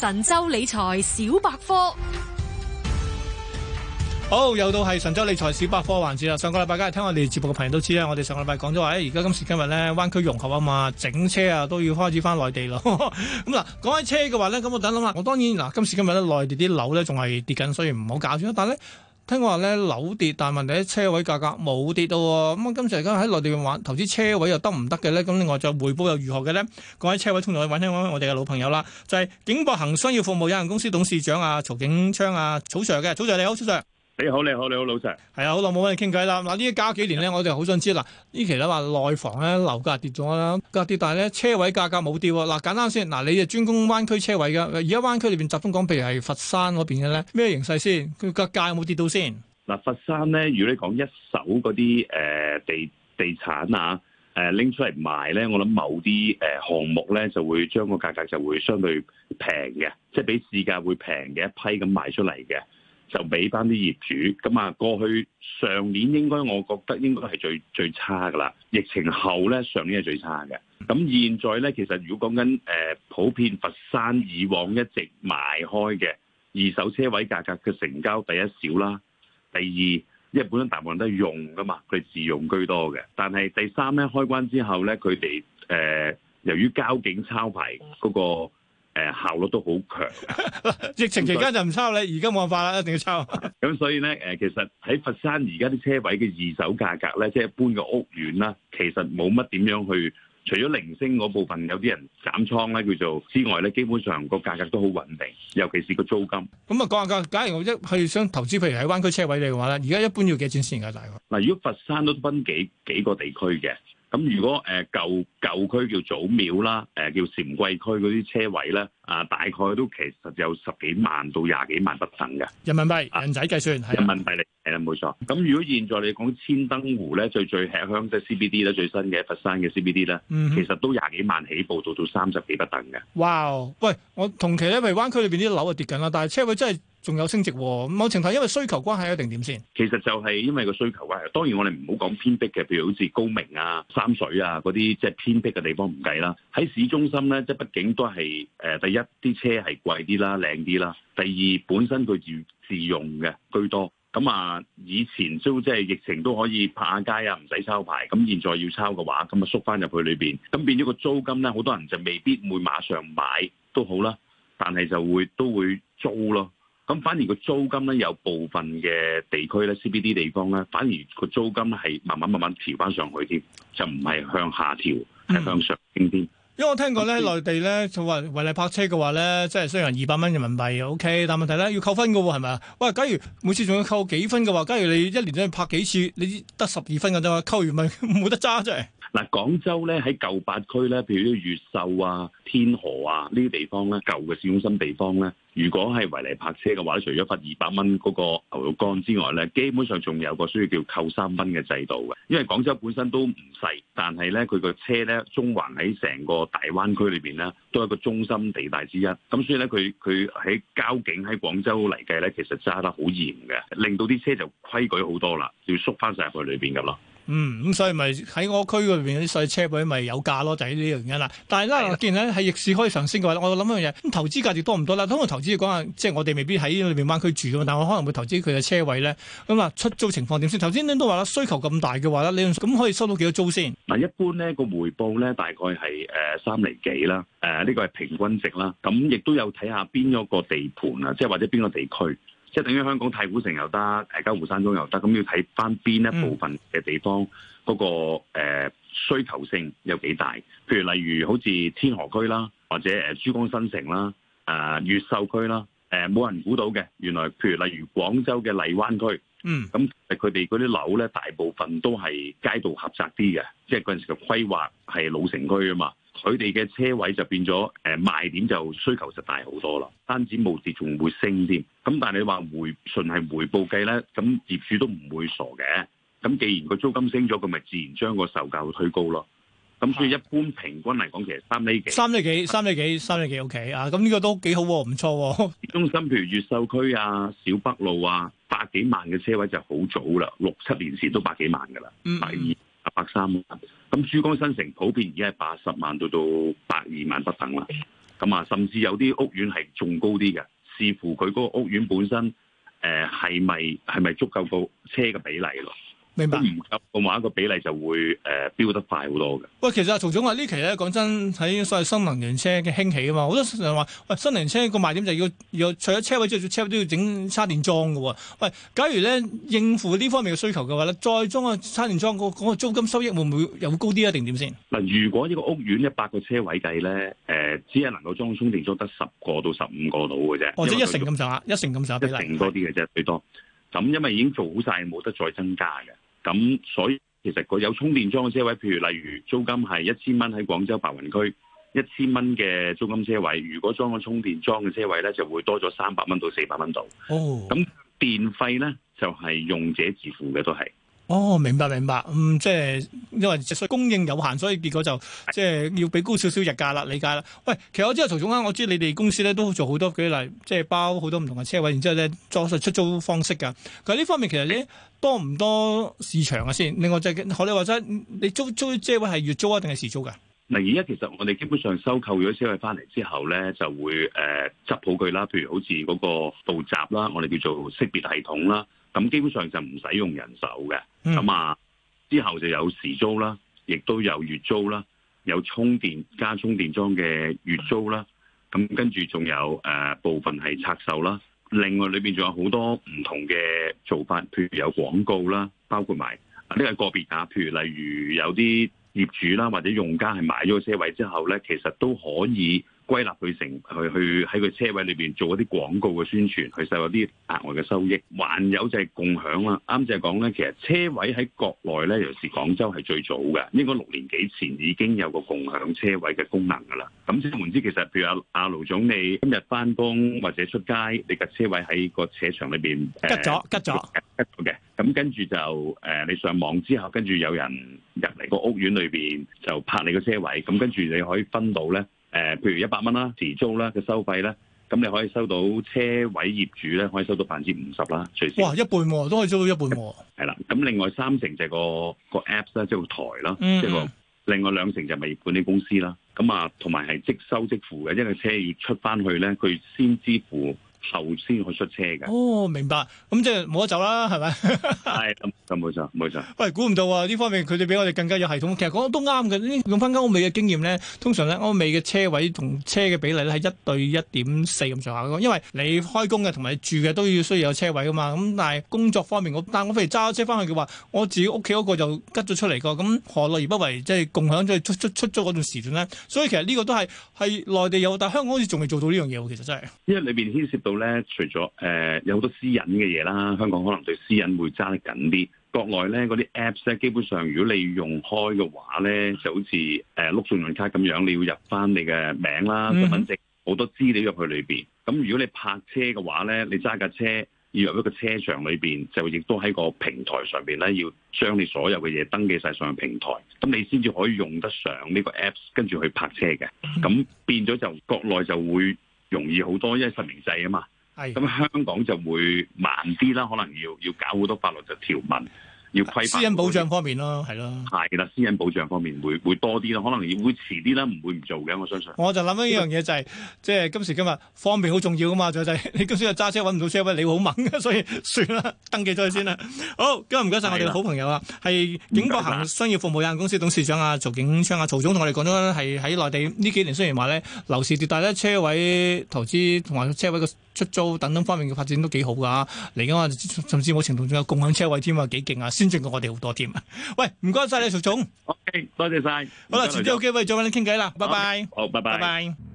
神州理財小百科，好，又到係神州理財小百科環節啦。上個禮拜梗係聽我哋節目嘅朋友都知啦，我哋上個禮拜講咗話，誒、哎，而家今時今日咧，灣區融合啊嘛，整車啊都要開始翻內地咯。咁 嗱、嗯，講起車嘅話咧，咁我等諗下想想，我當然嗱、啊，今時今日咧，內地啲樓咧仲係跌緊，所以唔好搞住啦。但係咧。聽講話咧樓跌，但係問題喺車位價格冇跌到喎。咁啊，今時而家喺內地玩投資車位又得唔得嘅咧？咁另外再回報又如何嘅咧？各位車位通脹，我揾翻我哋嘅老朋友啦，就係景博恒商業服務有限公司董事長啊曹景昌啊，曹 Sir 嘅曹 Sir 你好，曹 Sir。你好，你好，你好，老細。係啊，好耐冇揾你傾偈啦。嗱，呢一加幾年咧，我哋好想知嗱，呢期咧話內房咧樓價跌咗啦，價跌，但係咧車位價格冇跌。嗱，簡單先，嗱，你係專攻灣區車位嘅，而家灣區裏邊集中講，譬如係佛山嗰邊嘅咧，咩形勢先？佢價價有冇跌到先？嗱，佛山咧，如果你講一手嗰啲誒地地產啊，誒、呃、拎出嚟賣咧，我諗某啲誒、呃、項目咧就會將個價格就會相對平嘅，即、就、係、是、比市價會平嘅一批咁賣出嚟嘅。就俾翻啲業主咁啊！過去上年應該我覺得應該係最最差噶啦，疫情後咧上年係最差嘅。咁現在咧，其實如果講緊誒普遍佛山以往一直賣開嘅二手車位價格嘅成交第一少啦，第二因為本身大部分都係用噶嘛，佢自用居多嘅。但係第三咧開關之後咧，佢哋誒由於交警抄牌嗰個。誒，效率都好強啊。疫情期間就唔抽你，而家冇辦法啦，一定要抽。嗯。咁所以咧，誒，其實喺佛山而家啲車位嘅二手價格咧，即係一般嘅屋苑啦，其實冇乜點樣去，除咗零星嗰部分有啲人減倉咧叫做之外咧，基本上個價格都好穩定，尤其是個租金。咁啊，講下價，假如我一去想投資，譬如喺灣區車位嚟嘅話咧，而家一般要幾錢先噶？大概，嗱，如果佛山都分幾幾個地區嘅。咁如果誒舊舊區叫祖廟啦，誒、呃、叫禪桂區嗰啲車位咧，啊大概都其實有十幾萬到廿幾萬不等嘅人民幣，人仔計算係、啊、人民幣嚟，係啦冇錯。咁如果現在你講千燈湖咧，最最吃香即係 C B D 咧，最新嘅佛山嘅 C B D 咧，嗯、哼其實都廿幾萬起步做到三十幾不等嘅。哇！Wow, 喂，我同期咧，荔灣區裏邊啲樓啊跌緊啦，但係車位真係～仲有升值喎。某程度因為需求關係一定點先？是其實就係因為個需求關係。當然我哋唔好講偏僻嘅，譬如好似高明啊、三水啊嗰啲，即係偏僻嘅地方唔計啦。喺市中心咧，即係畢竟都係誒、呃，第一啲車係貴啲啦、靚啲啦。第二本身佢自自用嘅居多。咁啊，以前都即係疫情都可以泊下街啊，唔使抄牌。咁現在要抄嘅話，咁啊縮翻入去裏邊，咁變咗個租金咧，好多人就未必會馬上買都好啦。但係就會都會租咯。咁反而個租金咧，有部分嘅地區咧，CBD 地方咧，反而個租金係慢慢慢慢調翻上去添，就唔係向下調，係向上升啲、嗯。因為我聽過咧，內地咧就話為你泊車嘅話咧，即係雖然二百蚊人民幣，OK。但問題咧要扣分㗎喎，係咪啊？喂，假如每次仲要扣幾分嘅話，假如你一年都要泊幾次，你得十二分嘅啫嘛，扣完咪冇得揸啫。嗱，廣州咧喺舊八區咧，譬如啲越秀啊、天河啊呢啲地方咧，舊嘅市中心地方咧，如果係違例嚟泊車嘅話，除咗罰二百蚊嗰個牛肉乾之外咧，基本上仲有個需要叫扣三分嘅制度嘅。因為廣州本身都唔細，但係咧佢個車咧，中環喺成個大灣區裏面咧，都係一個中心地帶之一。咁所以咧，佢佢喺交警喺廣州嚟計咧，其實揸得好嚴嘅，令到啲車就規矩好多啦，要縮翻晒入去裏面噶咯。嗯，咁所以咪喺我區嗰邊啲細車位咪有價咯，就係呢樣嘢啦。但係咧，既然咧喺逆市可以上升嘅話，我諗一樣嘢，咁投資價值多唔多啦？通常投資講下，即係我哋未必喺裏面灣區住嘅，但我可能會投資佢嘅車位咧。咁啊，出租情況點先？頭先你都話啦，需求咁大嘅話咧，你咁可以收到幾多租先？嗱，一般咧個回報咧大概係誒三厘幾啦，誒呢個係平均值啦。咁亦都有睇下邊嗰個地盤啊，即係或者邊個地區。即係等於香港太古城又得，誒嘉湖山莊又得，咁要睇翻邊一部分嘅地方嗰個誒需求性有幾大？譬如例如好似天河區啦，或者誒珠江新城啦，啊誒越秀區啦，誒冇人估到嘅，原來譬如例如廣州嘅荔灣區，嗯，咁佢哋嗰啲樓咧，大部分都係街道狹窄啲嘅，即係嗰陣時嘅規劃係老城區啊嘛。佢哋嘅車位就變咗，誒賣點就需求實大好多啦，單止冇跌仲會升添。咁但係你話回純係回報計咧，咁業主都唔會傻嘅。咁既然個租金升咗，佢咪自然將個售價會推高咯。咁所以一般平均嚟講，其實三厘幾、三厘幾、三厘幾、三厘幾，三幾 OK 啊。咁呢個都幾好喎，唔錯。 中心譬如越秀區啊、小北路啊，百幾萬嘅車位就好早啦，六七年前都百幾萬㗎啦。第二、嗯。嗯百三，咁珠江新城普遍而家係八十萬到到百二萬不等啦。咁啊，甚至有啲屋苑係仲高啲嘅，視乎佢嗰個屋苑本身，誒、呃，係咪係咪足夠個車嘅比例咯？唔夠，嘅買一個比例就會誒飆得快好多嘅。喂，其實曹總話呢期咧，講真喺所謂新能源車嘅興起啊嘛，好多人都話，喂，新能源車個賣點就要要除咗車位之外，車位都要整插電樁嘅喎。喂，假如咧應付呢方面嘅需求嘅話咧，再裝個插電樁，個租金收益會唔會又高啲啊？定點先？嗱，如果呢個屋苑一百個車位計咧，誒、呃，只係能夠裝充電樁得十個到十五個到嘅啫。或者、哦就是、一成咁上下，一成咁上下。一成多啲嘅啫，最多。咁因為已經做好晒，冇得再增加嘅。咁所以，其實佢有充電樁嘅車位，譬如例如租金係一千蚊喺廣州白雲區一千蚊嘅租金車位，如果裝個充電樁嘅車位咧，就會多咗三百蚊到四百蚊度。哦、oh.，咁電費咧就係、是、用者自付嘅都係。哦，明白明白，嗯，即係因為即係供應有限，所以結果就即係要俾高少少日價啦，理解啦。喂，其實我知阿曹總啊，我知你哋公司咧都做好多舉例，即係包好多唔同嘅車位，然之後咧裝出租方式噶。咁呢方面其實咧多唔多市場啊先？另外即係學你話齋，你租租車位係月租啊定係時租㗎、啊？嗱，而家其實我哋基本上收購咗車位翻嚟之後咧，就會誒執、呃、好佢啦，譬如好似嗰個道閘啦，我哋叫做識別系統啦。咁基本上就唔使用，用人手嘅，咁啊之後就有時租啦，亦都有月租啦，有充電加充電樁嘅月租啦，咁跟住仲有誒、呃、部分係拆售啦，另外裏面仲有好多唔同嘅做法，譬如有廣告啦，包括埋呢個係個別啊，譬如例如有啲業主啦或者用家係買咗個車位之後呢，其實都可以。歸納佢成，去去喺個車位裏邊做一啲廣告嘅宣傳，去受一啲額外嘅收益。還有就係共享啦，啱就係講咧，其實車位喺國內咧，尤其是廣州係最早嘅，應該六年幾前已經有個共享車位嘅功能噶啦。咁即係換之，其實譬如阿阿盧總你今日翻工或者出街，你嘅車位喺個車場裏邊，吉咗吉咗。嘅咁跟住就誒，你上網之後，跟住有人入嚟個屋苑裏邊就拍你個車位，咁跟住你可以分到咧。誒、呃，譬如一百蚊啦，時租啦，嘅收費咧，咁你可以收到車位業主咧，可以收到百分之五十啦，隨時。哇，一半都可以收到一半喎。係、嗯、啦，咁另外三成就係個個 Apps 啦，即、就、係、是、台啦，即係個另外兩成就係物業管理公司啦。咁啊，同埋係即收即付嘅，因為車要出翻去咧，佢先支付。頭先去出車嘅，哦，明白，咁即係冇得走啦，係咪？係咁，咁冇錯，冇錯。錯喂，估唔到啊！呢方面佢哋比我哋更加有系統。其實講得都啱嘅，呢用翻間歐美嘅經驗咧，通常咧歐美嘅車位同車嘅比例咧係一對一點四咁上下。因為你開工嘅同埋住嘅都要需要有車位噶嘛。咁但係工作方面我，但我譬如揸車翻去嘅話，我自己屋企嗰個就吉咗出嚟個。咁何樂而不為？即係共享，即係出出出咗嗰段時段咧。所以其實呢個都係係內地有，但香港好似仲未做到呢樣嘢喎。其實真係，因為裏邊牽涉到。到咧，除咗誒、呃、有好多私隱嘅嘢啦，香港可能對私隱會揸得緊啲。國內咧嗰啲 Apps 咧，基本上如果你用開嘅話咧，就好似誒碌信用卡咁樣，你要入翻你嘅名啦、身份證好多資料入去裏邊。咁如果你泊車嘅話咧，你揸架車要入一個車場裏邊，就亦都喺個平台上邊咧，要將你所有嘅嘢登記晒上平台，咁你先至可以用得上呢個 Apps，跟住去泊車嘅。咁變咗就國內就會。容易好多，因為實名制啊嘛，咁是的 香港就會慢啲啦，可能要要搞好多法律就條文。要規範私隱保障方面咯，係咯的，係啦的，私隱保障方面會的會多啲咯，可能要會遲啲啦，唔會唔做嘅，我相信。我就諗緊一樣嘢就係、是，的即係今時今日方便好重要啊嘛，就仔、是，你今朝又揸車揾唔到車位，你好猛，所以算啦， 登記咗先啦。 好，今日唔該晒我哋嘅好朋友啊，係景博行商業服務有限公司董事長啊曹景昌啊曹總同我哋講咗，係喺內地呢幾年雖然話呢，樓市跌大呢，車位投資同埋車位嘅出租等等方面嘅發展都幾好噶、啊，嚟緊啊，甚至某程度仲有共享車位添啊，幾勁啊！先進過我哋好多添、okay, thank 吧。喂，唔該晒你，徐 總樂。OK，多謝晒。好啦，下次有機會再搵你傾偈啦。拜拜。好，Okay. 拜拜。拜。Okay. Oh,